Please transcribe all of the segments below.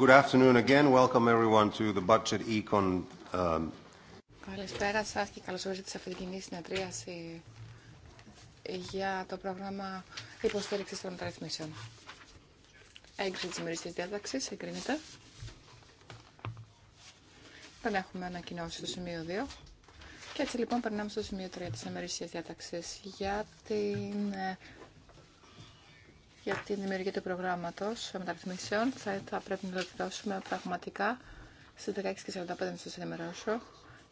Καλησπέρα σας και καλώς ήρθατε σε αυτή την συνεδρίαση για το πρόγραμμα υποστήριξης των μεταρρυθμίσεων. Έγκριση της ημερήσια διάταξης, εγκρίνεται. Δεν έχουμε ανακοινώσει στο σημείο 2. Και έτσι λοιπόν περνάμε στο σημείο 3 της ημερήσιας διάταξης για την ε, για την δημιουργία του προγράμματος μεταρρυθμίσεων. Θα, θα πρέπει να το δώσουμε πραγματικά στις 16 και 45 να σας ενημερώσω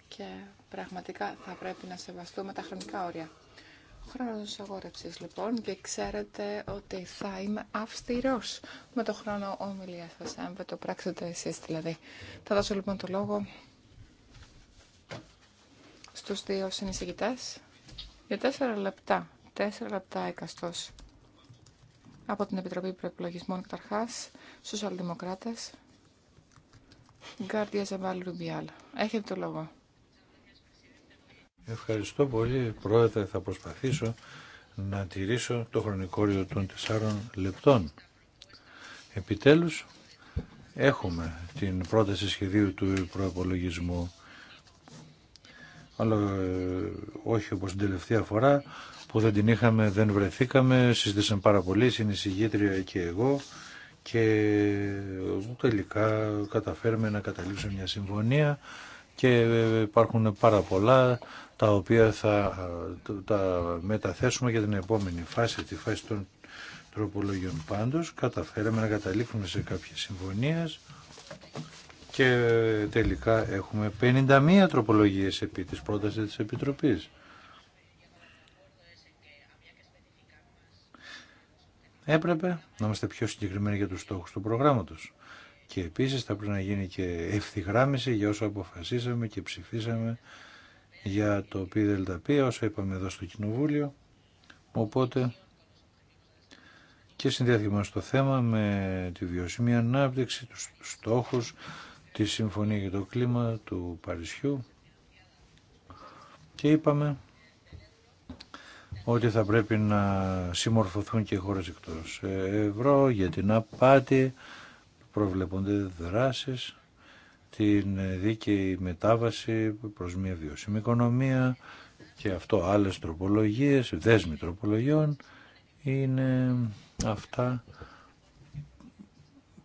και πραγματικά θα πρέπει να σεβαστούμε τα χρονικά όρια. Χρόνος αγόρευσης λοιπόν και ξέρετε ότι θα είμαι αυστηρός με το χρόνο ομιλία σας, αν δεν το πράξετε εσείς δηλαδή. Θα δώσω λοιπόν το λόγο στους δύο συνεισηγητές για τέσσερα λεπτά. Τέσσερα λεπτά εκαστός από την Επιτροπή Προεπιλογισμών Κταρχάς, Σοσιαλδημοκράτες, Γκάρδια Ζαβάλ Ρουμπιάλ. Έχετε το λόγο. Ευχαριστώ πολύ. Πρόεδρε, θα προσπαθήσω να τηρήσω το χρονικό των τεσσάρων λεπτών. Επιτέλους, έχουμε την πρόταση σχεδίου του προεπολογισμού, αλλά ε, όχι όπως την τελευταία φορά που δεν την είχαμε, δεν βρεθήκαμε, συζητήσαμε πάρα πολύ, συνεισηγήτρια και εγώ και τελικά καταφέρουμε να καταλήξουμε μια συμφωνία και ε, υπάρχουν πάρα πολλά τα οποία θα τα μεταθέσουμε για την επόμενη φάση, τη φάση των τροπολογιών πάντως. Καταφέραμε να καταλήξουμε σε κάποιες συμφωνίες και τελικά έχουμε 51 τροπολογίες επί της πρότασης της Επιτροπής. Έπρεπε να είμαστε πιο συγκεκριμένοι για τους στόχους του προγράμματος. Και επίσης θα πρέπει να γίνει και ευθυγράμμιση για όσο αποφασίσαμε και ψηφίσαμε για το ΠΔΠ, όσα είπαμε εδώ στο Κοινοβούλιο. Οπότε και συνδέθηκε στο θέμα με τη βιώσιμη ανάπτυξη, τους στόχους, τη Συμφωνία για το Κλίμα του Παρισιού και είπαμε ότι θα πρέπει να συμμορφωθούν και οι χώρες εκτός ευρώ για την απάτη, προβλέπονται δράσεις, την δίκαιη μετάβαση προς μια βιώσιμη οικονομία και αυτό άλλες τροπολογίες, δέσμη τροπολογιών είναι αυτά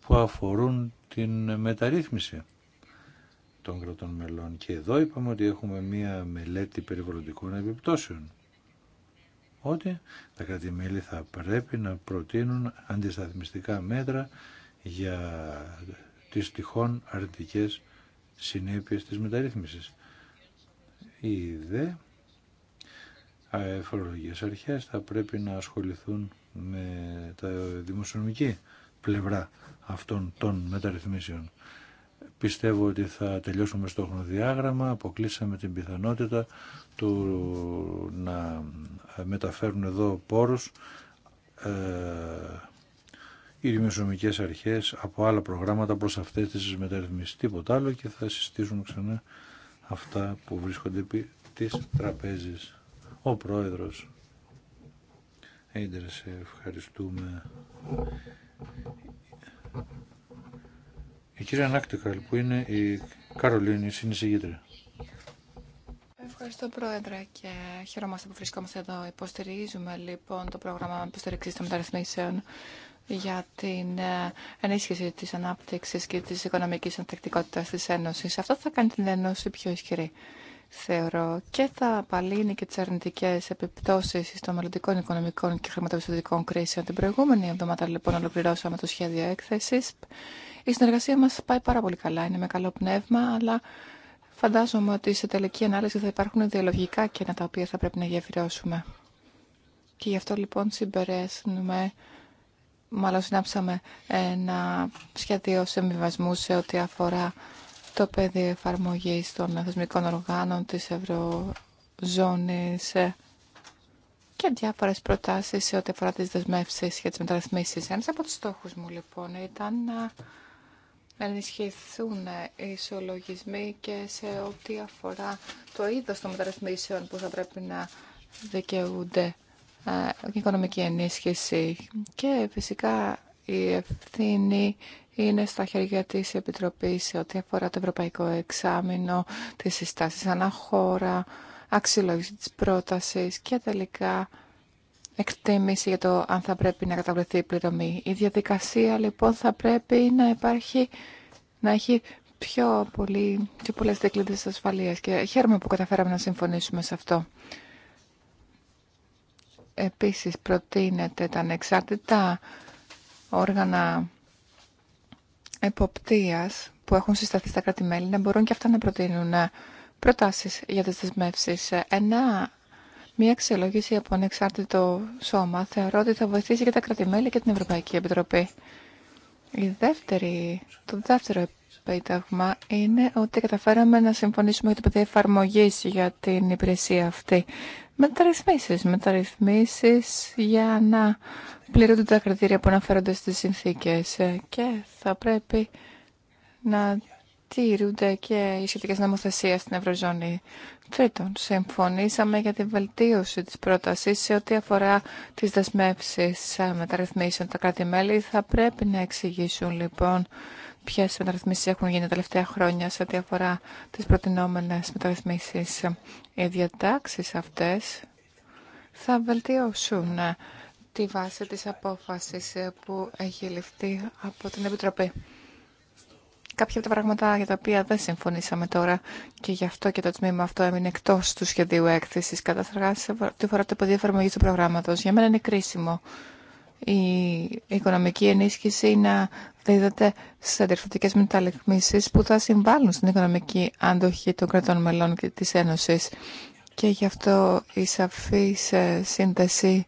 που αφορούν την μεταρρύθμιση των κρατών μελών. Και εδώ είπαμε ότι έχουμε μία μελέτη περιβαλλοντικών επιπτώσεων ότι τα κράτη-μέλη θα πρέπει να προτείνουν αντισταθμιστικά μέτρα για τις τυχόν αρνητικές συνέπειες της μεταρρύθμισης. Οι δε αεφορολογικές αρχές θα πρέπει να ασχοληθούν με τα δημοσιονομική πλευρά αυτών των μεταρρυθμίσεων. Πιστεύω ότι θα τελειώσουμε στο χρονοδιάγραμμα, αποκλείσαμε την πιθανότητα του να μεταφέρουν εδώ πόρους ε, οι δημοσιομικές αρχές από άλλα προγράμματα προς αυτές τις μεταρρυθμίσεις. Τίποτα άλλο και θα συστήσουν ξανά αυτά που βρίσκονται επί της τραπέζης. Ο Πρόεδρος. Έντερ, ευχαριστούμε. Η κυρία Νάκτικαλ που είναι η Καρολίνη, η συνεισηγήτρια. Ευχαριστώ Πρόεδρε και χαιρόμαστε που βρισκόμαστε εδώ. Υποστηρίζουμε λοιπόν το πρόγραμμα υποστηρίξης των μεταρρυθμίσεων για την ε, ενίσχυση της ανάπτυξης και της οικονομικής ανθεκτικότητας της Ένωσης. Αυτό θα κάνει την Ένωση πιο ισχυρή, θεωρώ, και θα απαλύνει και τις αρνητικές επιπτώσεις των μελλοντικών οικονομικών και χρηματοπιστωτικών κρίσεων. Την προηγούμενη εβδομάδα λοιπόν ολοκληρώσαμε το σχέδιο έκθεσης η συνεργασία μας πάει πάρα πολύ καλά, είναι με καλό πνεύμα, αλλά φαντάζομαι ότι σε τελική ανάλυση θα υπάρχουν ιδεολογικά κενά τα οποία θα πρέπει να γεφυρώσουμε. Και γι' αυτό λοιπόν συμπερέσνουμε, μάλλον συνάψαμε ένα σχέδιο συμβιβασμού σε ό,τι αφορά το πεδίο εφαρμογή των θεσμικών οργάνων της Ευρωζώνης και διάφορες προτάσεις σε ό,τι αφορά τις δεσμεύσεις και τις μεταρρυθμίσεις. Ένας από τους στόχους μου λοιπόν ήταν να να ενισχυθούν οι ισολογισμοί και σε ό,τι αφορά το είδος των μεταρρυθμίσεων που θα πρέπει να δικαιούνται ε, η οικονομική ενίσχυση και φυσικά η ευθύνη είναι στα χέρια της Επιτροπής σε ό,τι αφορά το Ευρωπαϊκό Εξάμεινο, τις συστάσεις αναχώρα, αξιολόγηση της πρότασης και τελικά εκτίμηση για το αν θα πρέπει να καταβληθεί η πληρωμή. Η διαδικασία λοιπόν θα πρέπει να υπάρχει, να έχει πιο, πολύ, πιο πολλές δικλείδες ασφαλείας και χαίρομαι που καταφέραμε να συμφωνήσουμε σε αυτό. Επίσης προτείνεται τα ανεξάρτητα όργανα εποπτείας που έχουν συσταθεί στα κράτη-μέλη να μπορούν και αυτά να προτείνουν προτάσεις για τις δεσμεύσεις. Ένα Μία αξιολόγηση από ανεξάρτητο σώμα θεωρώ ότι θα βοηθήσει και τα κρατημέλη και την Ευρωπαϊκή Επιτροπή. Η δεύτερη, το δεύτερο επίταγμα είναι ότι καταφέραμε να συμφωνήσουμε για το παιδί εφαρμογή για την υπηρεσία αυτή. Μεταρρυθμίσεις, μεταρρυθμίσεις για να πληρούνται τα κριτήρια που αναφέρονται στι συνθήκε. και θα πρέπει να τηρούνται και οι σχετικέ νομοθεσίε στην Ευρωζώνη. Τρίτον, συμφωνήσαμε για τη βελτίωση τη πρόταση σε ό,τι αφορά τι δεσμεύσει ε, μεταρρυθμίσεων. Τα κράτη-μέλη θα πρέπει να εξηγήσουν λοιπόν ποιε μεταρρυθμίσει έχουν γίνει τα τελευταία χρόνια σε ό,τι αφορά τι προτινόμενε μεταρρυθμίσει. Οι διατάξει αυτέ θα βελτιώσουν ε, τη βάση της απόφασης ε, που έχει ληφθεί από την Επιτροπή κάποια από τα πράγματα για τα οποία δεν συμφωνήσαμε τώρα και γι' αυτό και το τμήμα αυτό έμεινε εκτό του σχεδίου έκθεση. Καταρχά, τη φορά το πεδίο εφαρμογή του προγράμματο. Για μένα είναι κρίσιμο η οικονομική ενίσχυση να δίδεται σε αντιρφωτικέ μεταλλεκμήσει που θα συμβάλλουν στην οικονομική άντοχη των κρατών μελών και τη Ένωση. Και γι' αυτό η σαφή ε, σύνδεση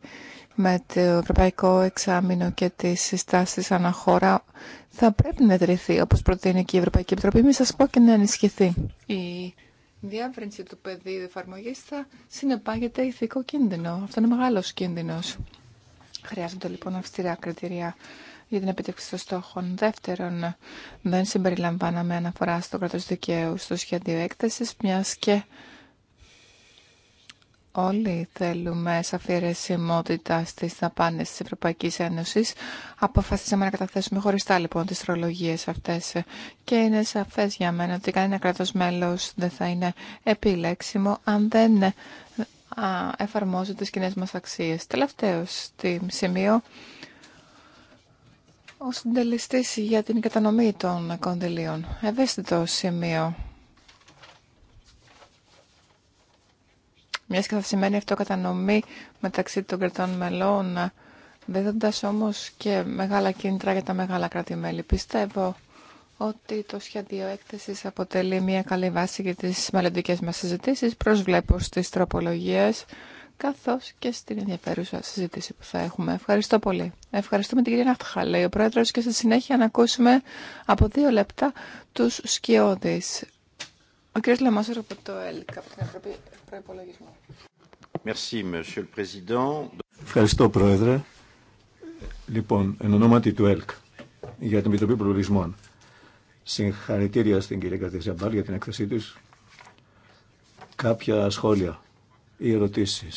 με το Ευρωπαϊκό Εξάμεινο και τι συστάσεις αναχώρα θα πρέπει να ιδρυθεί όπω προτείνει και η Ευρωπαϊκή Επιτροπή. Μην σα πω και να ενισχυθεί. Η διάβρυνση του πεδίου εφαρμογή θα συνεπάγεται ηθικό κίνδυνο. Αυτό είναι μεγάλο κίνδυνο. Χρειάζονται λοιπόν αυστηρά κριτηρία για την επίτευξη των στόχων. Δεύτερον, δεν συμπεριλαμβάναμε αναφορά στο κράτο δικαίου στο σχέδιο έκθεση μια και Όλοι θέλουμε σαφή αιρεσιμότητα στι δαπάνε τη Ευρωπαϊκή Ένωση. Αποφασίσαμε να καταθέσουμε χωριστά λοιπόν τι τρολογίε αυτέ. Και είναι σαφέ για μένα ότι κανένα κράτο μέλο δεν θα είναι επιλέξιμο αν δεν εφαρμόζει τι κοινέ μα αξίε. Τελευταίο σημείο, ο συντελεστή για την κατανομή των κονδυλίων. Ευαίσθητο σημείο Μια και θα σημαίνει αυτό κατανομή μεταξύ των κρατών μελών, δίδοντα όμω και μεγάλα κίνητρα για τα μεγάλα κράτη-μέλη. Πιστεύω ότι το σχέδιο έκθεση αποτελεί μια καλή βάση για τι μελλοντικέ μα συζητήσει. Προσβλέπω στις τροπολογίε καθώ και στην ενδιαφέρουσα συζήτηση που θα έχουμε. Ευχαριστώ πολύ. Ευχαριστούμε την κυρία Ναχτχαλέη, ο πρόεδρο, και στη συνέχεια να ακούσουμε από δύο λεπτά του σκιώδει. Ο κ. Λαμάσορ από το ΕΛΚ, από την Επιτροπή Προπολογισμού. Ευχαριστώ, Πρόεδρε. Λοιπόν, εν ονόματι του ΕΛΚ για την Επιτροπή Προπολογισμών. Συγχαρητήρια στην κυρία Κατήσια Μπάλ για την έκθεσή τη. Κάποια σχόλια ή ερωτήσει.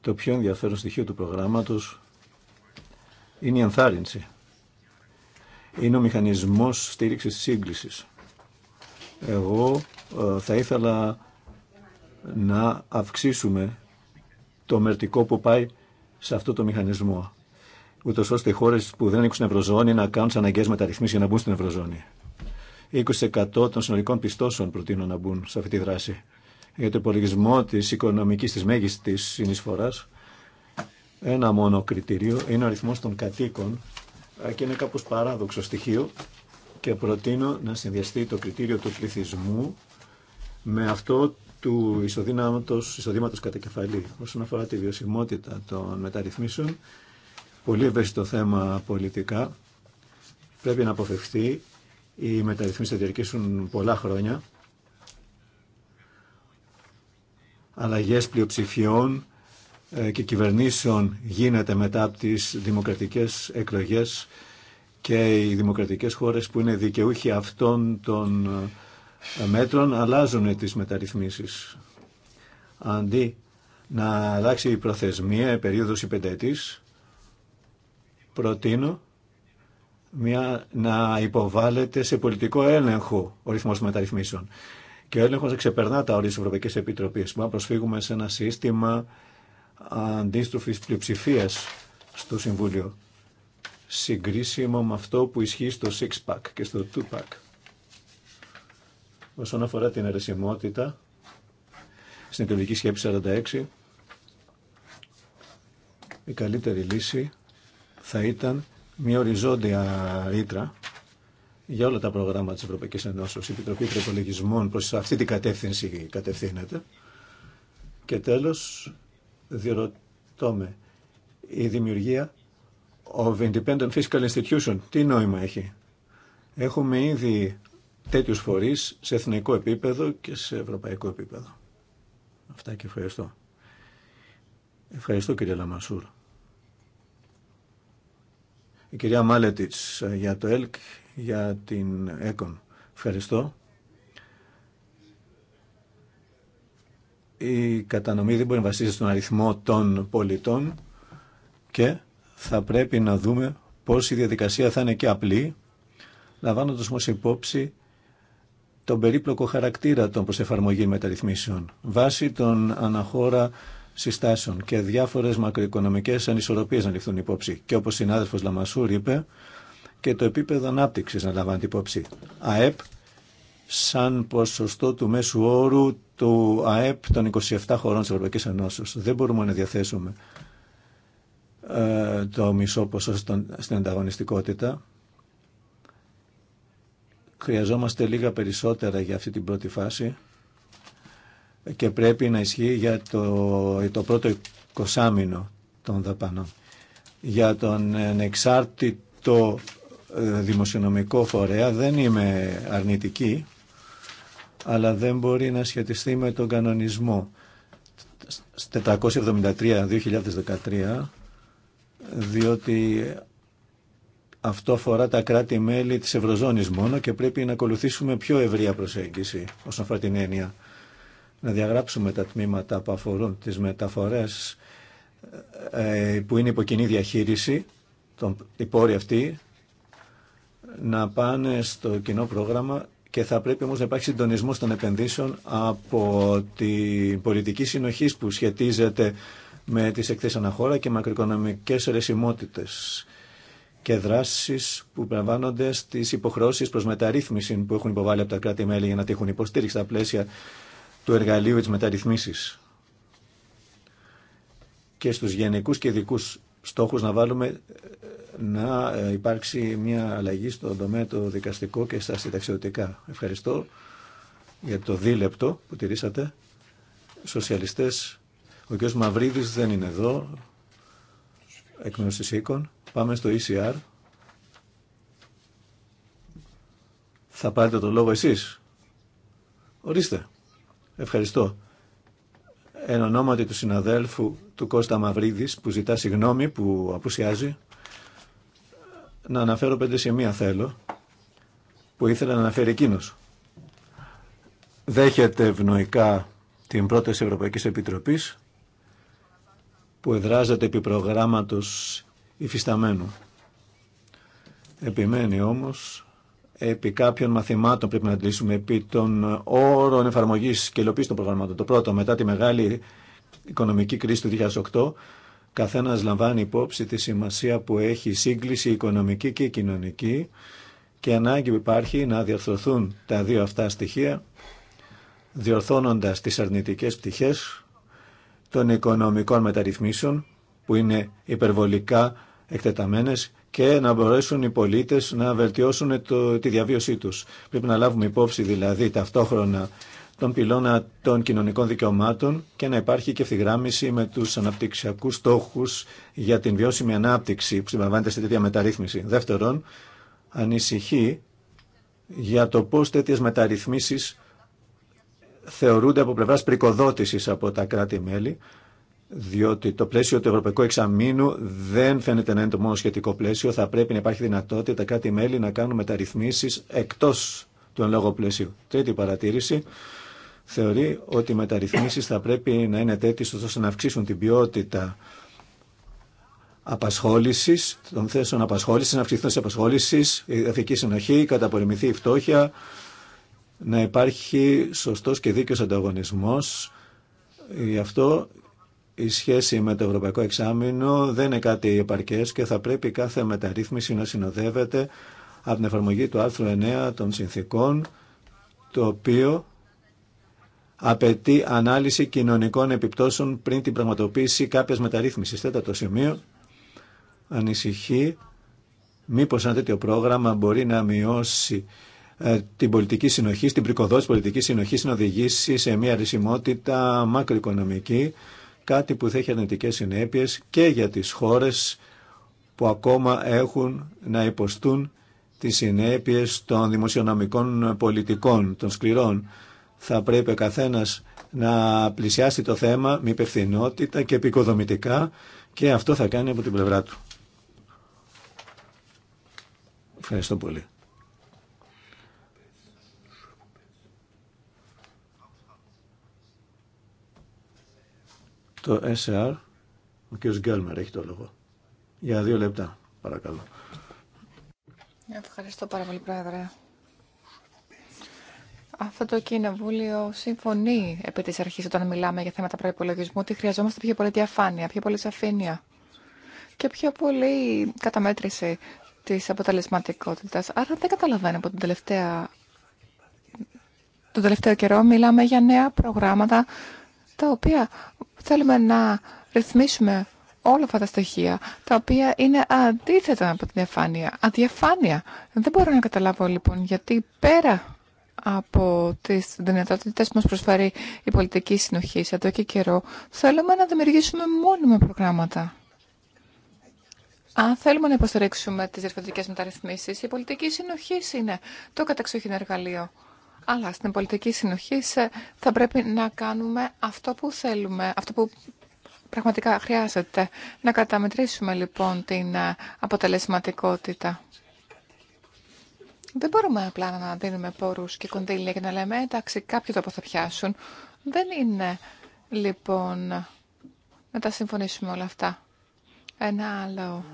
Το πιο ενδιαφέρον στοιχείο του προγράμματος είναι η ενθάρρυνση. Είναι ο μηχανισμός στήριξης της σύγκλησης. Εγώ ε, θα ήθελα να αυξήσουμε το μερτικό που πάει σε αυτό το μηχανισμό. Ούτω ώστε οι χώρε που δεν ανήκουν στην Ευρωζώνη να κάνουν τι αναγκαίε μεταρρυθμίσει για να μπουν στην Ευρωζώνη. 20% των συνολικών πιστώσεων προτείνω να μπουν σε αυτή τη δράση. Για το υπολογισμό τη οικονομική τη μέγιστη συνεισφορά, ένα μόνο κριτήριο είναι ο αριθμό των κατοίκων και είναι κάπω παράδοξο στοιχείο και προτείνω να συνδυαστεί το κριτήριο του πληθυσμού με αυτό του εισοδήματος, κατά κεφαλή. Όσον αφορά τη βιωσιμότητα των μεταρρυθμίσεων, πολύ ευαίσθητο θέμα πολιτικά, πρέπει να αποφευχθεί. Οι μεταρρυθμίσεις θα διαρκήσουν πολλά χρόνια. Αλλαγέ πλειοψηφιών ε, και κυβερνήσεων γίνεται μετά από τις δημοκρατικές εκλογές και οι δημοκρατικές χώρες που είναι δικαιούχοι αυτών των ε, μέτρων αλλάζουν τις μεταρρυθμίσεις. Αντί να αλλάξει η προθεσμία, η περίοδος η πενταετής, προτείνω μια, να υποβάλλεται σε πολιτικό έλεγχο ο ρυθμός των μεταρρυθμίσεων. Και ο έλεγχος ξεπερνά τα όρια της Ευρωπαϊκής Επιτροπής. Μπορούμε να προσφύγουμε σε ένα σύστημα αντίστροφης πλειοψηφίας στο Συμβούλιο συγκρίσιμο με αυτό που ισχύει στο six pack και στο two pack. Όσον αφορά την αρεσιμότητα στην εκλογική σκέψη 46, η καλύτερη λύση θα ήταν μια οριζόντια ρήτρα για όλα τα προγράμματα της Ευρωπαϊκής Ενώσεως. Η Επιτροπή Προπολογισμών προς αυτή την κατεύθυνση κατευθύνεται. Και τέλος, διερωτώ με, η δημιουργία of Independent Fiscal Institution, τι νόημα έχει. Έχουμε ήδη τέτοιους φορείς σε εθνικό επίπεδο και σε ευρωπαϊκό επίπεδο. Αυτά και ευχαριστώ. Ευχαριστώ κύριε Λαμασούρ. Η κυρία Μάλετιτς ε, για το ΕΛΚ, για την ΕΚΟΝ. Ευχαριστώ. Η κατανομή δεν μπορεί να βασίζεται στον αριθμό των πολιτών και θα πρέπει να δούμε πώς η διαδικασία θα είναι και απλή, λαμβάνοντας όμως υπόψη τον περίπλοκο χαρακτήρα των προσεφαρμογή μεταρρυθμίσεων, βάσει των αναχώρα συστάσεων και διάφορες μακροοικονομικές ανισορροπίες να ληφθούν υπόψη. Και όπως συνάδελφος Λαμασούρ είπε, και το επίπεδο ανάπτυξης να λαμβάνεται υπόψη. ΑΕΠ σαν ποσοστό του μέσου όρου του ΑΕΠ των 27 χωρών της Ευρωπαϊκής Δεν μπορούμε να διαθέσουμε ε, το μισό ποσό στην ανταγωνιστικότητα. Χρειαζόμαστε λίγα περισσότερα για αυτή την πρώτη φάση και πρέπει να ισχύει για το, το πρώτο εικοσάμινο των δαπανών. Για τον εξάρτητο ε, δημοσιονομικό φορέα δεν είμαι αρνητική, αλλά δεν μπορεί να σχετιστεί με τον κανονισμό. 473-2013 διότι αυτό αφορά τα κράτη-μέλη της Ευρωζώνης μόνο και πρέπει να ακολουθήσουμε πιο ευρεία προσέγγιση όσον αφορά την έννοια. Να διαγράψουμε τα τμήματα που αφορούν τις μεταφορές ε, που είναι υπό κοινή διαχείριση, οι πόροι αυτοί, να πάνε στο κοινό πρόγραμμα και θα πρέπει όμως να υπάρχει συντονισμός των επενδύσεων από την πολιτική συνοχής που σχετίζεται με τις εκθέσεις αναχώρα και μακροοικονομικές ρεσιμότητες και δράσεις που περιλαμβάνονται στις υποχρώσεις προς μεταρρύθμιση που έχουν υποβάλει από τα κράτη-μέλη για να τύχουν υποστήριξη στα πλαίσια του εργαλείου της μεταρρυθμίσης και στους γενικούς και ειδικού στόχους να βάλουμε να ε, υπάρξει μια αλλαγή στον τομέα το δικαστικό και στα συνταξιδοτικά. Ευχαριστώ για το δίλεπτο που τηρήσατε. Σοσιαλιστές ο κ. Μαυρίδης δεν είναι εδώ, εκ μέρους Πάμε στο ECR. Θα πάρετε το λόγο εσείς. Ορίστε. Ευχαριστώ. Εν ονόματι του συναδέλφου του Κώστα Μαυρίδης που ζητά συγγνώμη που απουσιάζει να αναφέρω πέντε σημεία θέλω που ήθελα να αναφέρει εκείνο. Δέχεται ευνοϊκά την πρόταση ευρωπαϊκή Επιτροπής που εδράζεται επί προγράμματος υφισταμένου. Επιμένει όμως επί κάποιων μαθημάτων πρέπει να αντλήσουμε επί των όρων εφαρμογής και υλοποίησης των προγραμμάτων. Το πρώτο, μετά τη μεγάλη οικονομική κρίση του 2008, καθένας λαμβάνει υπόψη τη σημασία που έχει η σύγκληση οικονομική και κοινωνική και ανάγκη που υπάρχει να διορθωθούν τα δύο αυτά στοιχεία διορθώνοντας τις αρνητικές πτυχές των οικονομικών μεταρρυθμίσεων που είναι υπερβολικά εκτεταμένες και να μπορέσουν οι πολίτες να βελτιώσουν το, τη διαβίωσή τους. Πρέπει να λάβουμε υπόψη δηλαδή ταυτόχρονα τον πυλώνα των κοινωνικών δικαιωμάτων και να υπάρχει και ευθυγράμμιση με τους αναπτυξιακούς στόχους για την βιώσιμη ανάπτυξη που συμβαίνεται σε τέτοια μεταρρύθμιση. Δεύτερον, ανησυχεί για το πώς τέτοιες μεταρρυθμίσεις θεωρούνται από πλευράς πρικοδότησης από τα κράτη-μέλη, διότι το πλαίσιο του Ευρωπαϊκού Εξαμήνου δεν φαίνεται να είναι το μόνο σχετικό πλαίσιο. Θα πρέπει να υπάρχει δυνατότητα τα κράτη-μέλη να κάνουν μεταρρυθμίσεις εκτός του εν λόγω πλαίσιου. Τρίτη παρατήρηση θεωρεί ότι οι μεταρρυθμίσει θα πρέπει να είναι τέτοιε ώστε να αυξήσουν την ποιότητα απασχόλησης, των θέσεων απασχόληση, να αυξηθούν σε απασχόληση, η εθική συνοχή, καταπολεμηθεί η φτώχεια, να υπάρχει σωστός και δίκαιος ανταγωνισμός. Γι' αυτό η σχέση με το Ευρωπαϊκό Εξάμεινο δεν είναι κάτι επαρκές και θα πρέπει κάθε μεταρρύθμιση να συνοδεύεται από την εφαρμογή του άρθρου 9 των συνθήκων, το οποίο απαιτεί ανάλυση κοινωνικών επιπτώσεων πριν την πραγματοποίηση κάποιας μεταρρύθμισης. Τέταρτο σημείο, ανησυχεί μήπως ένα τέτοιο πρόγραμμα μπορεί να μειώσει ε, την πολιτική συνοχή, την πρικοδότηση πολιτική συνοχή να οδηγήσει σε μια ρησιμότητα μακροοικονομική, κάτι που θα έχει αρνητικέ συνέπειε και για τι χώρε που ακόμα έχουν να υποστούν τις συνέπειες των δημοσιονομικών πολιτικών, των σκληρών. Θα πρέπει ο καθένας να πλησιάσει το θέμα με υπευθυνότητα και επικοδομητικά και αυτό θα κάνει από την πλευρά του. Ευχαριστώ πολύ. το SR. Ο κ. Γκέλμερ έχει το λόγο. Για δύο λεπτά, παρακαλώ. Ευχαριστώ πάρα πολύ, Πρόεδρε. Αυτό το κοινοβούλιο συμφωνεί επί τη αρχή όταν μιλάμε για θέματα προπολογισμού ότι χρειαζόμαστε πιο πολλή διαφάνεια, πιο πολλή σαφήνεια και πιο πολύ καταμέτρηση τη αποτελεσματικότητα. Άρα δεν καταλαβαίνω από τελευταία... τον τελευταίο καιρό μιλάμε για νέα προγράμματα τα οποία θέλουμε να ρυθμίσουμε όλα αυτά τα στοιχεία, τα οποία είναι αντίθετα από την διαφάνεια, αδιαφάνεια. Δεν μπορώ να καταλάβω λοιπόν γιατί πέρα από τις δυνατότητες που μας προσφέρει η πολιτική συνοχή σε εδώ και καιρό, θέλουμε να δημιουργήσουμε μόνιμα προγράμματα. Αν θέλουμε να υποστηρίξουμε τις διευθυντικές μεταρρυθμίσεις, η πολιτική συνοχή είναι το καταξοχήν εργαλείο αλλά στην πολιτική συνοχή θα πρέπει να κάνουμε αυτό που θέλουμε, αυτό που πραγματικά χρειάζεται. Να καταμετρήσουμε λοιπόν την ε, αποτελεσματικότητα. Δεν μπορούμε απλά να δίνουμε πόρους και κονδύλια και να λέμε εντάξει κάποιο τόπο θα πιάσουν. Δεν είναι λοιπόν να τα συμφωνήσουμε όλα αυτά. Ένα άλλο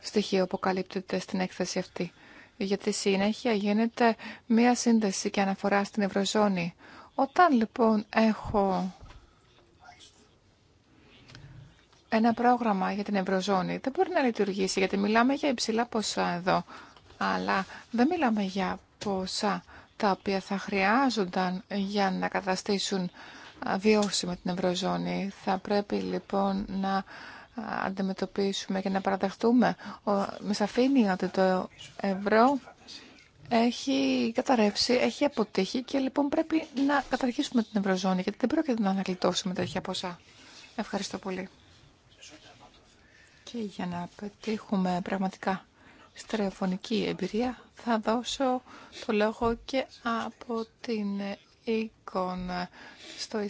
στοιχείο που καλύπτεται στην έκθεση αυτή γιατί συνέχεια γίνεται μία σύνδεση και αναφορά στην Ευρωζώνη. Όταν λοιπόν έχω ένα πρόγραμμα για την Ευρωζώνη, δεν μπορεί να λειτουργήσει γιατί μιλάμε για υψηλά ποσά εδώ, αλλά δεν μιλάμε για ποσά τα οποία θα χρειάζονταν για να καταστήσουν βιώσιμη την Ευρωζώνη. Θα πρέπει λοιπόν να αντιμετωπίσουμε και να παραδεχτούμε με αφήνει ότι το ευρώ έχει καταρρεύσει, έχει αποτύχει και λοιπόν πρέπει να καταρχίσουμε την Ευρωζώνη γιατί δεν πρόκειται να ανακλητώσουμε τέτοια ποσά. Ευχαριστώ πολύ. Και για να πετύχουμε πραγματικά στερεοφωνική εμπειρία θα δώσω το λόγο και από την στο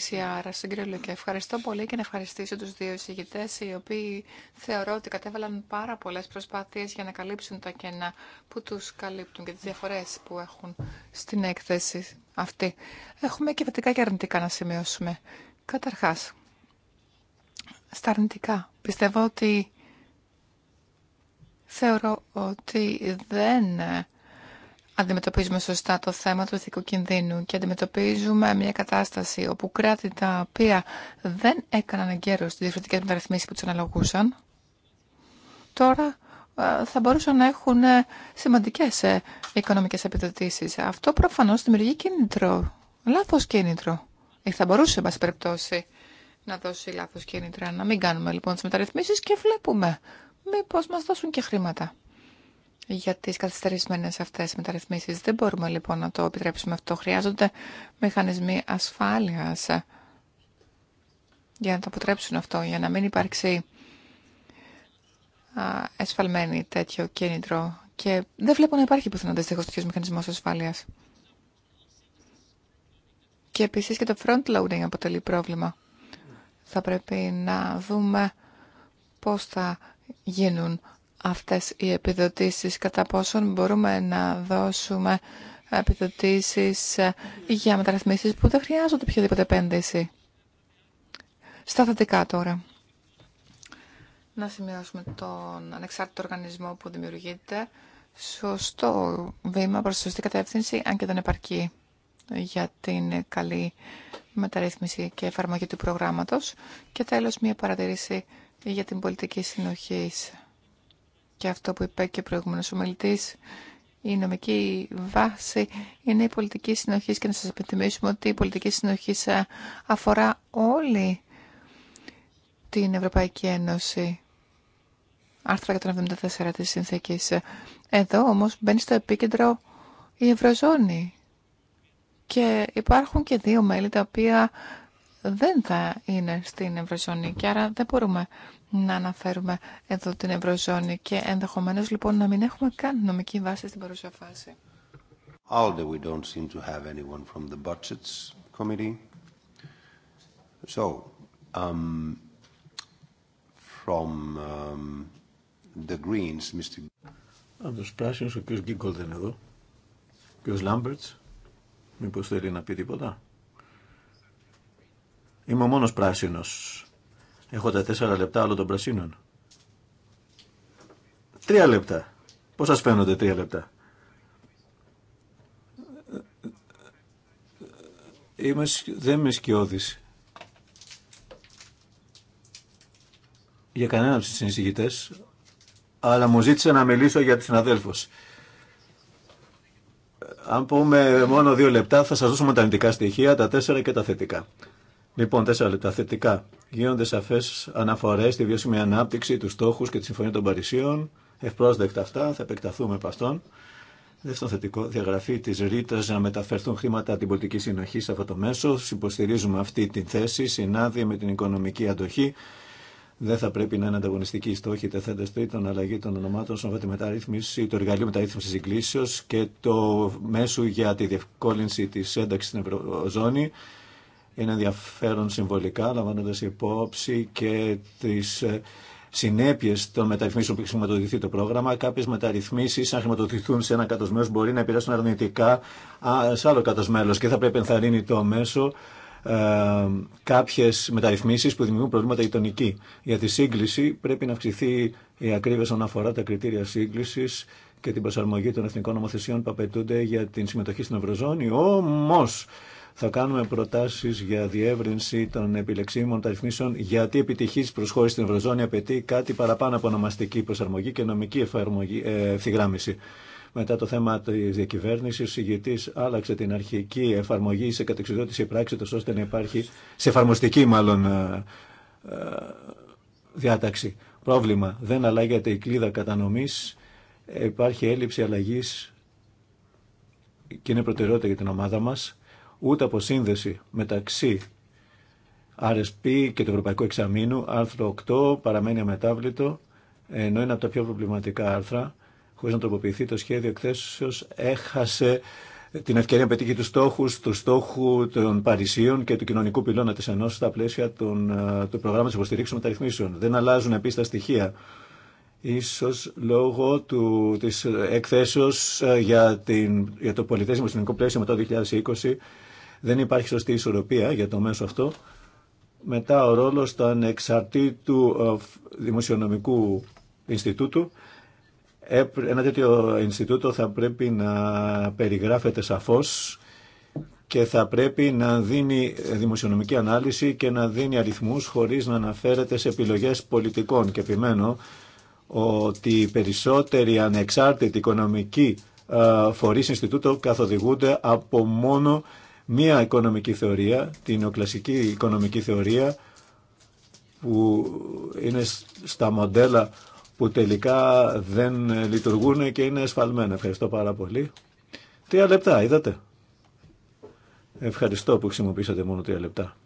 στην Ευχαριστώ πολύ και να ευχαριστήσω τους δύο εισηγητές, οι οποίοι θεωρώ ότι κατέβαλαν πάρα πολλές προσπάθειες για να καλύψουν τα κενά που τους καλύπτουν και τις διαφορές που έχουν στην έκθεση αυτή. Έχουμε και βατικά και αρνητικά να σημειώσουμε. Καταρχάς, στα αρνητικά. Πιστεύω ότι θεωρώ ότι δεν αντιμετωπίζουμε σωστά το θέμα του ηθικού κινδύνου και αντιμετωπίζουμε μια κατάσταση όπου κράτη τα οποία δεν έκαναν εγκαίρως τις διαφορετικές μεταρρυθμίσεις που τους αναλογούσαν, τώρα ε, θα μπορούσαν να έχουν ε, σημαντικές ε, οικονομικές επιδοτήσεις. Αυτό προφανώς δημιουργεί κίνητρο, λάθος κίνητρο. Ή θα μπορούσε, εν περιπτώσει, να δώσει λάθος κίνητρα, να μην κάνουμε λοιπόν τις μεταρρυθμίσεις και βλέπουμε μήπως μας δώσουν και χρήματα για τις καθυστερισμένες αυτές μεταρρυθμίσεις. Δεν μπορούμε λοιπόν να το επιτρέψουμε αυτό. Χρειάζονται μηχανισμοί ασφάλειας για να το αποτρέψουν αυτό, για να μην υπάρξει εσφαλμένη τέτοιο κίνητρο. Και δεν βλέπω να υπάρχει πουθενά δυστυχώ τέτοιο μηχανισμό ασφάλεια. Και επίση και το front loading αποτελεί πρόβλημα. Θα πρέπει να δούμε πώς θα γίνουν αυτές οι επιδοτήσεις, κατά πόσον μπορούμε να δώσουμε επιδοτήσεις για μεταρρυθμίσεις που δεν χρειάζονται οποιαδήποτε επένδυση. Σταθετικά τώρα. Να σημειώσουμε τον ανεξάρτητο οργανισμό που δημιουργείται. Σωστό βήμα προς σωστή κατεύθυνση, αν και δεν επαρκεί για την καλή μεταρρύθμιση και εφαρμογή του προγράμματος. Και τέλος, μια παρατηρήση για την πολιτική συνοχής και αυτό που είπε και ο προηγούμενος ομιλητής, η νομική βάση είναι η πολιτική συνοχή και να σας επιθυμίσουμε ότι η πολιτική συνοχή ε, αφορά όλη την Ευρωπαϊκή Ένωση. άρθρα 174 της Συνθήκης. Εδώ όμως μπαίνει στο επίκεντρο η Ευρωζώνη. Και υπάρχουν και δύο μέλη τα οποία δεν θα είναι στην Ευρωζώνη και άρα δεν μπορούμε να αναφέρουμε εδώ την Ευρωζώνη και ενδεχομένως λοιπόν να μην έχουμε καν νομική βάση στην παρούσα φάση. Although we don't seem to have anyone from the budgets committee. So, um, from um, the Greens, Mr. Από τους πράσινους ο κ. Γκίγκολ δεν είναι εδώ. Ο κ. Λάμπερτς, μήπως θέλει να πει τίποτα. Είμαι ο μόνος πράσινος. Έχω τα τέσσερα λεπτά όλων των πρασίνων. Τρία λεπτά. Πώς σας φαίνονται τρία λεπτά. Είμαι, δεν είμαι σκιώδης. Για κανέναν από τους συνεισηγητές, αλλά μου ζήτησε να μιλήσω για τους συναδέλφους. Αν πούμε μόνο δύο λεπτά θα σας δώσουμε τα αρνητικά στοιχεία, τα τέσσερα και τα θετικά. Λοιπόν, τέσσερα λεπτά θετικά. Γίνονται σαφέ αναφορέ στη βιώσιμη ανάπτυξη, του στόχου και τη Συμφωνία των Παρισίων. Ευπρόσδεκτα αυτά, θα επεκταθούμε από αυτόν. Δεύτερον, θετικό, διαγραφή τη ρήτρα να μεταφερθούν χρήματα από την πολιτική συνοχή σε αυτό το μέσο. Υποστηρίζουμε αυτή τη θέση, συνάδει με την οικονομική αντοχή. Δεν θα πρέπει να είναι ανταγωνιστική η στόχη τεθέντε τρίτων, αλλαγή των ονομάτων, στον τη μεταρρύθμιση, το εργαλείο μεταρρύθμιση συγκλήσεω και το μέσο για τη διευκόλυνση τη ένταξη στην Ευρωζώνη είναι ενδιαφέρον συμβολικά, λαμβάνοντα υπόψη και τι ε, συνέπειε των μεταρρυθμίσεων που έχει χρηματοδοτηθεί το πρόγραμμα. Κάποιε μεταρρυθμίσεις, αν χρηματοδοτηθούν σε ένα κάτω μπορεί να επηρεάσουν αρνητικά σε άλλο κάτω και θα πρέπει να ενθαρρύνει το μέσο ε, κάποιες μεταρρυθμίσεις που δημιουργούν προβλήματα γειτονική. Για τη σύγκληση πρέπει να αυξηθεί η ακρίβεια όσον αφορά τα κριτήρια σύγκληση και την προσαρμογή των εθνικών νομοθεσιών που απαιτούνται για την συμμετοχή στην Ευρωζώνη. Όμω. Θα κάνουμε προτάσει για διεύρυνση των επιλεξίμων ρυθμίσεων, γιατί επιτυχή προσχώρηση στην Ευρωζώνη απαιτεί κάτι παραπάνω από ονομαστική προσαρμογή και νομική εφαρμογή, ε, ευθυγράμμιση. Μετά το θέμα τη διακυβέρνηση, ο συγγητή άλλαξε την αρχική εφαρμογή σε κατεξουδότηση πράξη, ώστε να υπάρχει σε εφαρμοστική μάλλον ε, ε, διάταξη. Πρόβλημα. Δεν αλλάγεται η κλίδα κατανομή. Υπάρχει έλλειψη αλλαγή και είναι προτεραιότητα για την ομάδα μας ούτε από σύνδεση μεταξύ RSP και του Ευρωπαϊκού Εξαμήνου, άρθρο 8 παραμένει αμετάβλητο, ενώ είναι από τα πιο προβληματικά άρθρα, χωρί να τροποποιηθεί το σχέδιο εκθέσεως, έχασε την ευκαιρία να πετύχει του στόχου, του στόχου των Παρισίων και του κοινωνικού πυλώνα τη Ενώση στα πλαίσια των, ε, του προγράμματο υποστηρίξεων μεταρρυθμίσεων. Δεν αλλάζουν επίση τα στοιχεία. Ίσως λόγω του, της εκθέσεως ε, για, την, για το πολιτέ κοινωνικό πλαίσιο μετά το 2020 δεν υπάρχει σωστή ισορροπία για το μέσο αυτό. Μετά ο ρόλος του ανεξαρτήτου ε, δημοσιονομικού Ινστιτούτου. Ένα τέτοιο Ινστιτούτο θα πρέπει να περιγράφεται σαφώς και θα πρέπει να δίνει δημοσιονομική ανάλυση και να δίνει αριθμούς χωρίς να αναφέρεται σε επιλογές πολιτικών. Και επιμένω ότι οι περισσότεροι ανεξάρτητοι οικονομικοί ε, φορείς Ινστιτούτο καθοδηγούνται από μόνο μία οικονομική θεωρία, την νεοκλασική οικονομική θεωρία, που είναι στα μοντέλα που τελικά δεν λειτουργούν και είναι εσφαλμένα. Ευχαριστώ πάρα πολύ. Τρία λεπτά, είδατε. Ευχαριστώ που χρησιμοποίησατε μόνο τρία λεπτά.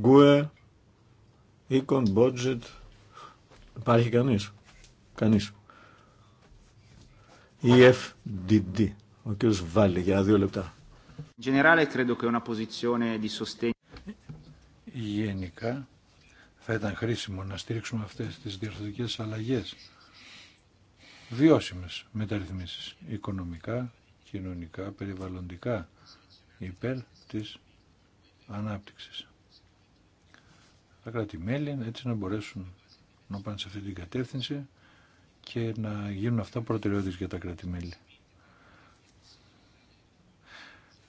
Γκουε, Econ Budget, υπάρχει κανείς. Κανείς. EFDD. Ο κ. Βάλλη, για δύο λεπτά. Γενικά, θα ήταν χρήσιμο να στηρίξουμε αυτέ τι διορθωτικέ αλλαγέ. Βιώσιμε μεταρρυθμίσει. οικονομικά, κοινωνικά, περιβαλλοντικά, υπέρ τη ανάπτυξη. Τα κράτη-μέλη έτσι να μπορέσουν να πάνε σε αυτή την κατεύθυνση και να γίνουν αυτά προτεραιότητες για τα κρατημέλη.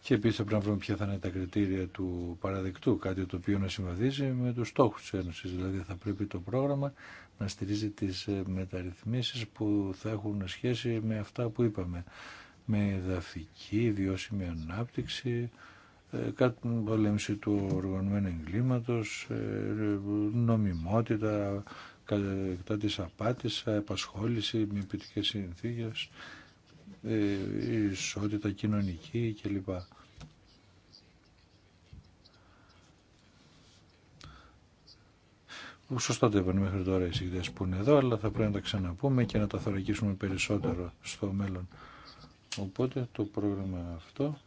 Και επίσης θα πρέπει να βρούμε ποια θα είναι τα κριτήρια του παραδεκτού, κάτι το οποίο να συμβαδίζει με τους στόχους της Ένωσης. Δηλαδή θα πρέπει το πρόγραμμα να στηρίζει τις ε, μεταρρυθμίσεις που θα έχουν σχέση με αυτά που είπαμε. Με εδαφική, βιώσιμη ανάπτυξη, ε, πολέμηση του οργανωμένου εγκλήματος, ε, νομιμότητα, κατά της απάτης, απασχόληση με επιτικές συνθήκες, ε, ισότητα κοινωνική κλπ. Σωστά το είπαν μέχρι τώρα οι που είναι εδώ, αλλά θα πρέπει να τα ξαναπούμε και να τα θωρακίσουμε περισσότερο στο μέλλον. Οπότε το πρόγραμμα αυτό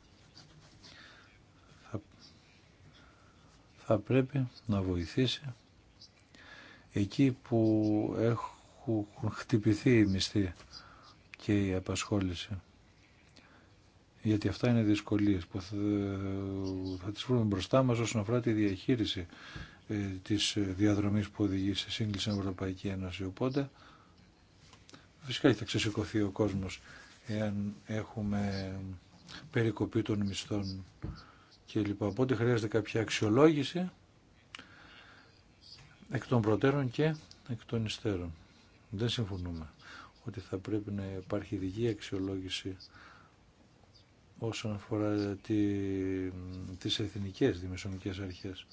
θα, θα πρέπει να βοηθήσει εκεί που έχουν χτυπηθεί οι μισθοί και η απασχόληση. Γιατί αυτά είναι δυσκολίες που θα, θα τις βρούμε μπροστά μας όσον αφορά τη διαχείριση ε, της διαδρομής που οδηγεί σε σύγκληση στην Ευρωπαϊκή Ένωση. Οπότε φυσικά θα ξεσηκωθεί ο κόσμος εάν έχουμε περικοπή των μισθών και Οπότε χρειάζεται κάποια αξιολόγηση εκ των προτέρων και εκ των υστέρων. Δεν συμφωνούμε ότι θα πρέπει να υπάρχει δική αξιολόγηση όσον αφορά τη, τις εθνικές δημοσιονομικές αρχές.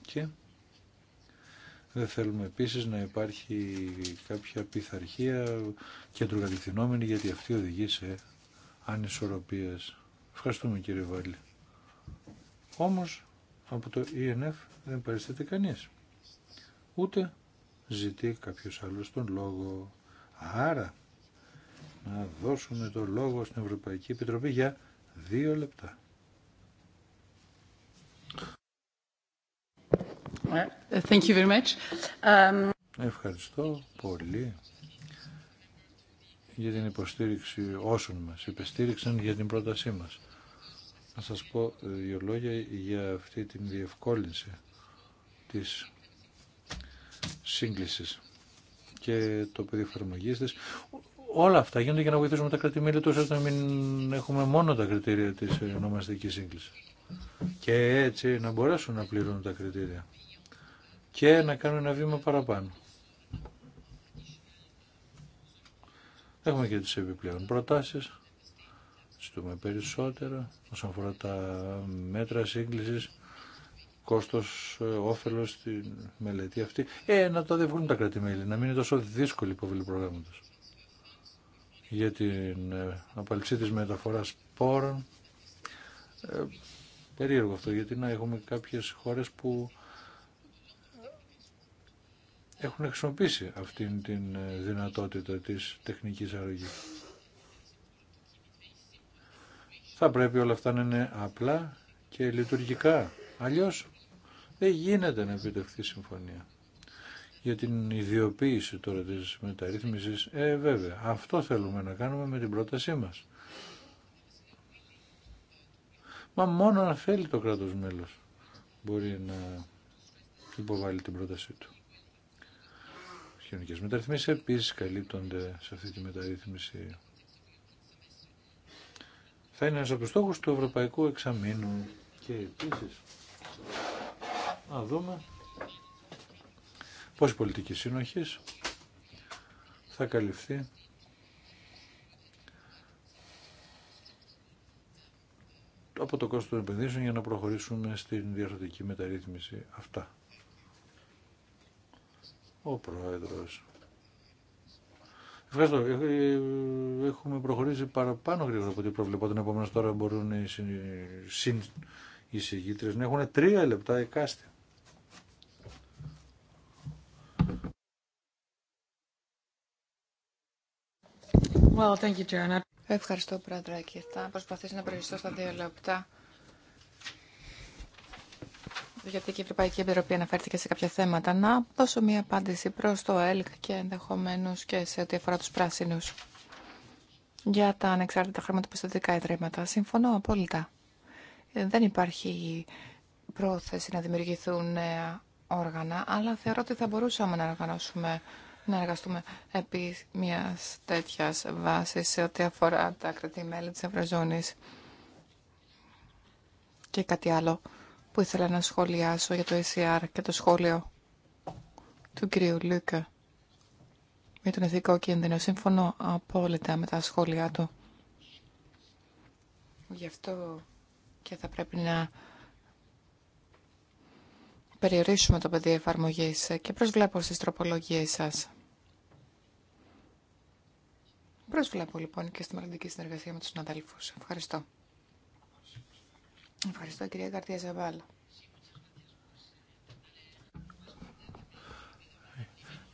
Και δεν θέλουμε επίσης να υπάρχει κάποια πειθαρχία κεντροκατευθυνόμενη γιατί αυτή οδηγεί σε ανισορροπίες. Ευχαριστούμε κύριε Βάλλη. Όμως από το ENF δεν παρισταται κανείς. Ούτε ζητεί κάποιος άλλος τον λόγο. Άρα να δώσουμε τον λόγο στην Ευρωπαϊκή Επιτροπή για δύο λεπτά. Um, Ευχαριστώ πολύ για την υποστήριξη όσων μας υπεστήριξαν για την πρότασή μας να σας πω δύο λόγια για αυτή την διευκόλυνση της σύγκλησης και το πεδίο εφαρμογή Όλα αυτά γίνονται για να βοηθήσουμε τα κρατημήλια τόσο ώστε να μην έχουμε μόνο τα κριτήρια της ονομαστικής σύγκλησης. Και έτσι να μπορέσουν να πληρώνουν τα κριτήρια και να κάνουν ένα βήμα παραπάνω. Έχουμε και τις επιπλέον προτάσεις ζητούμε περισσότερα όσον αφορά τα μέτρα σύγκλησης κόστος, όφελος στη μελέτη αυτή. Ε, να το διευκολύνουν τα κρατημέλη, να μην είναι τόσο δύσκολη η υποβολή προγράμματος. Για την ε, απαλυσή της μεταφορά πόρων, ε, περίεργο αυτό, γιατί να έχουμε κάποιες χώρες που ε, έχουν χρησιμοποιήσει αυτήν την δυνατότητα της τεχνικής αρρωγής. Θα πρέπει όλα αυτά να είναι απλά και λειτουργικά. Αλλιώς δεν γίνεται να επιτευχθεί συμφωνία. Για την ιδιοποίηση τώρα της μεταρρύθμισης, ε βέβαια, αυτό θέλουμε να κάνουμε με την πρότασή μας. Μα μόνο αν θέλει το κράτος μέλος μπορεί να υποβάλει την πρότασή του. Οι κοινωνικές μεταρρυθμίσεις επίσης καλύπτονται σε αυτή τη μεταρρύθμιση θα είναι ένας από τους στόχους του Ευρωπαϊκού Εξαμήνου. Και επίσης, να δούμε πώς η πολιτική σύνοχη θα καλυφθεί από το κόστος των επενδύσεων για να προχωρήσουμε στην διαρθρωτική μεταρρύθμιση αυτά. Ο Πρόεδρος. Ευχαριστώ. Ε, ε, έχουμε προχωρήσει παραπάνω γρήγορα από ό,τι προβλεπόταν. Επομένω, τώρα μπορούν οι συν να έχουν τρία λεπτά εκάστη. Well, thank you, Ευχαριστώ, Πρόεδρε, και θα προσπαθήσω να προηγηθώ στα δύο λεπτά γιατί και η Ευρωπαϊκή Επιτροπή αναφέρθηκε σε κάποια θέματα, να δώσω μία απάντηση προ το ΕΛΚ και ενδεχομένω και σε ό,τι αφορά του πράσινου. για τα ανεξάρτητα χρηματοπιστωτικά ιδρύματα. Συμφωνώ απόλυτα. Δεν υπάρχει πρόθεση να δημιουργηθούν νέα όργανα, αλλά θεωρώ ότι θα μπορούσαμε να οργανώσουμε να εργαστούμε επί μια τέτοια βάσης σε ό,τι αφορά τα κρατή μέλη τη Ευρωζώνη και κάτι άλλο που ήθελα να σχολιάσω για το ECR και το σχόλιο του κυρίου Λούκα για τον ηθικό κίνδυνο. Σύμφωνο απόλυτα με τα σχόλιά του. Γι' αυτό και θα πρέπει να περιορίσουμε το πεδίο εφαρμογή και προσβλέπω στις τροπολογίες σας. Προσβλέπω λοιπόν και στη μελλοντική συνεργασία με τους συναδέλφους. Ευχαριστώ. Ευχαριστώ κυρία Καρτία Ζαβάλ.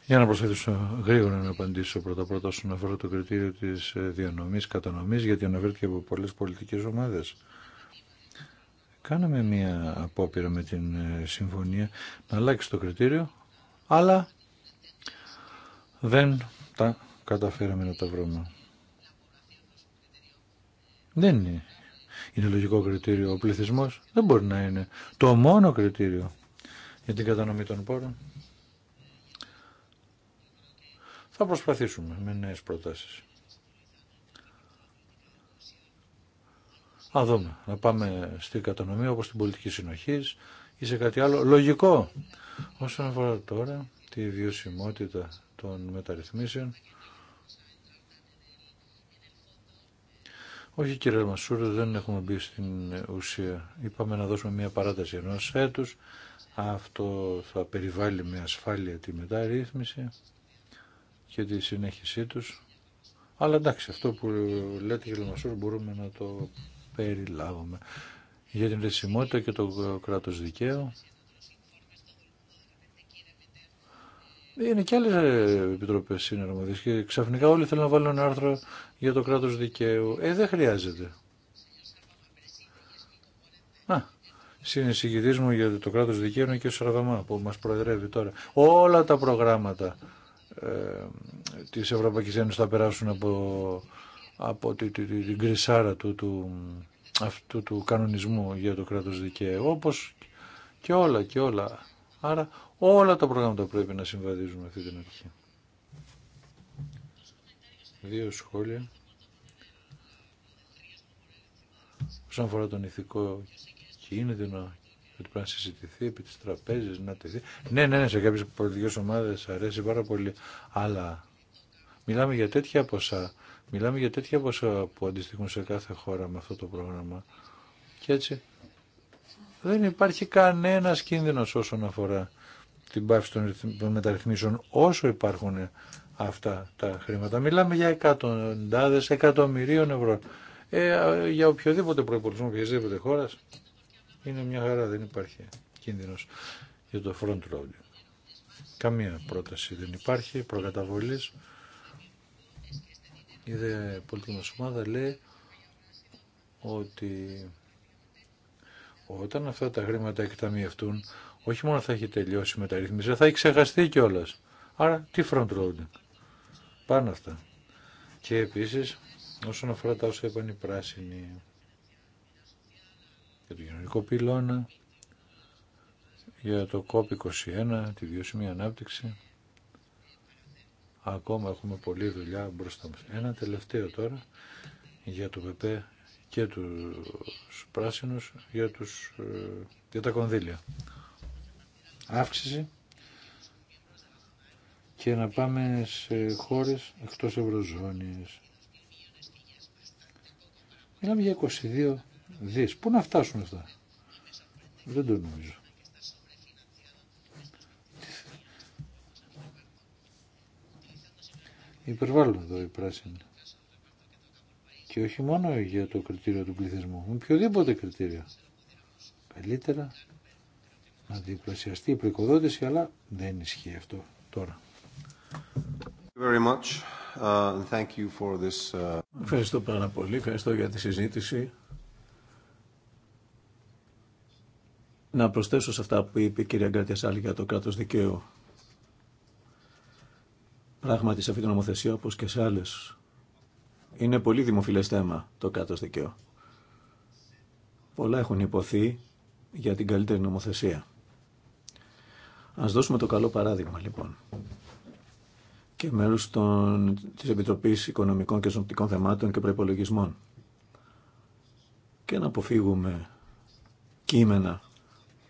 Για να προσθέσω γρήγορα να απαντήσω πρώτα πρώτα όσον αφορά το κριτήριο της ε, διανομής, κατανομής, γιατί αναφέρθηκε από πολλές πολιτικές ομάδες. Κάναμε μία απόπειρα με την ε, συμφωνία να αλλάξει το κριτήριο, αλλά δεν τα καταφέραμε να τα βρούμε. Δεν είναι είναι λογικό κριτήριο. Ο πληθυσμό δεν μπορεί να είναι το μόνο κριτήριο για την κατανομή των πόρων. Θα προσπαθήσουμε με νέε προτάσεις. Α, δούμε. Να πάμε στην κατανομή όπως στην πολιτική συνοχή ή σε κάτι άλλο. Λογικό. Όσον αφορά τώρα τη βιωσιμότητα των μεταρρυθμίσεων, Όχι κύριε Λαμασούρ, δεν έχουμε μπει στην ουσία. Είπαμε να δώσουμε μια παράταση ενό έτου. Αυτό θα περιβάλλει με ασφάλεια τη μεταρρύθμιση και τη συνέχισή τους. Αλλά εντάξει, αυτό που λέτε κύριε Λαμασούρ, μπορούμε να το περιλάβουμε. Για την ρεσιμότητα και το κράτος δικαίου Είναι και άλλε επιτροπέ συναρμοδίε και ξαφνικά όλοι θέλουν να βάλουν ένα άρθρο για το κράτο δικαίου. Ε, δεν χρειάζεται. Α, συνεισηγητή μου για το κράτο δικαίου είναι και ο Σαραβαμά που μα προεδρεύει τώρα. Όλα τα προγράμματα ε, τη Ευρωπαϊκή Ένωση θα περάσουν από, από τη, την κρυσάρα του, του, αυτού του κανονισμού για το κράτος δικαίου. Όπω και όλα και όλα. Άρα Όλα τα προγράμματα πρέπει να συμβαδίζουν με αυτή την αρχή. Δύο σχόλια. Όσον αφορά τον ηθικό κίνδυνο, ότι πρέπει να συζητηθεί επί τη τραπέζη, να τεθεί. Ναι, ναι, ναι, σε κάποιε πολιτικέ ομάδε αρέσει πάρα πολύ, αλλά μιλάμε για τέτοια ποσά. Μιλάμε για τέτοια ποσά που αντιστοιχούν σε κάθε χώρα με αυτό το πρόγραμμα. Και έτσι δεν υπάρχει κανένα κίνδυνο όσον αφορά την πάυση των μεταρρυθμίσεων όσο υπάρχουν αυτά τα χρήματα. Μιλάμε για εκατοντάδες εκατομμυρίων ευρώ. Ε, για οποιοδήποτε προπολισμό οποιασδήποτε χώρα είναι μια χαρά, δεν υπάρχει κίνδυνος για το front load. Καμία πρόταση δεν υπάρχει, προκαταβολής. Η δε πολιτική μας ομάδα λέει ότι όταν αυτά τα χρήματα εκταμιευτούν όχι μόνο θα έχει τελειώσει η μεταρρύθμιση, θα έχει ξεχαστεί κιόλα. Άρα τι front loading. Πάνω αυτά. Και επίσης όσον αφορά τα όσα είπαν οι πράσινοι για το κοινωνικό πυλώνα, για το COP21, τη βιώσιμη ανάπτυξη. Ακόμα έχουμε πολλή δουλειά μπροστά μας. Ένα τελευταίο τώρα για το ΠΠ και τους πράσινους για, τους, ε, για τα κονδύλια αύξηση και να πάμε σε χώρες εκτός Ευρωζώνης. Μιλάμε για 22 δις. Πού να φτάσουν αυτά. Δεν το νομίζω. Υπερβάλλουν εδώ οι πράσινοι. Και όχι μόνο για το κριτήριο του πληθυσμού, με οποιοδήποτε κριτήριο. Καλύτερα να διπλασιαστεί η προοικοδότηση, αλλά δεν ισχύει αυτό τώρα. Ευχαριστώ πάρα πολύ. Ευχαριστώ για τη συζήτηση. Να προσθέσω σε αυτά που είπε η κυρία Γκρατιασάλη για το κράτος δικαίου. Πράγματι σε αυτή την νομοθεσία όπως και σε άλλες. Είναι πολύ δημοφιλές θέμα το κράτος δικαίου. Πολλά έχουν υποθεί για την καλύτερη νομοθεσία. Ας δώσουμε το καλό παράδειγμα λοιπόν και μέρους των, της Επιτροπής Οικονομικών και Ζωνοπτικών Θεμάτων και Προϋπολογισμών και να αποφύγουμε κείμενα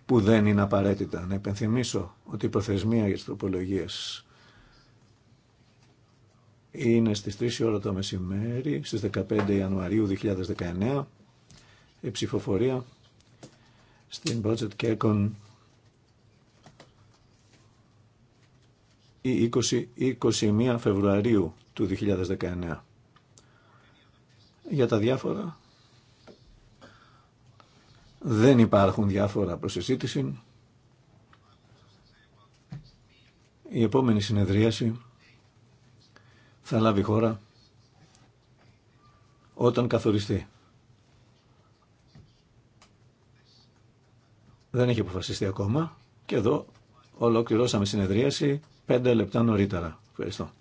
που δεν είναι απαραίτητα. Να υπενθυμίσω ότι η προθεσμία για τις τροπολογίες είναι στις 3 ώρα το μεσημέρι, στις 15 Ιανουαρίου 2019, η ψηφοφορία στην Budget Kekon ή 20-21 Φεβρουαρίου του 2019. Για τα διάφορα δεν υπάρχουν διάφορα προς Η επόμενη συνεδρίαση θα λάβει χώρα όταν καθοριστεί. Δεν έχει αποφασιστεί ακόμα και εδώ ολοκληρώσαμε συνεδρίαση πέντε λεπτά νωρίτερα. Ευχαριστώ.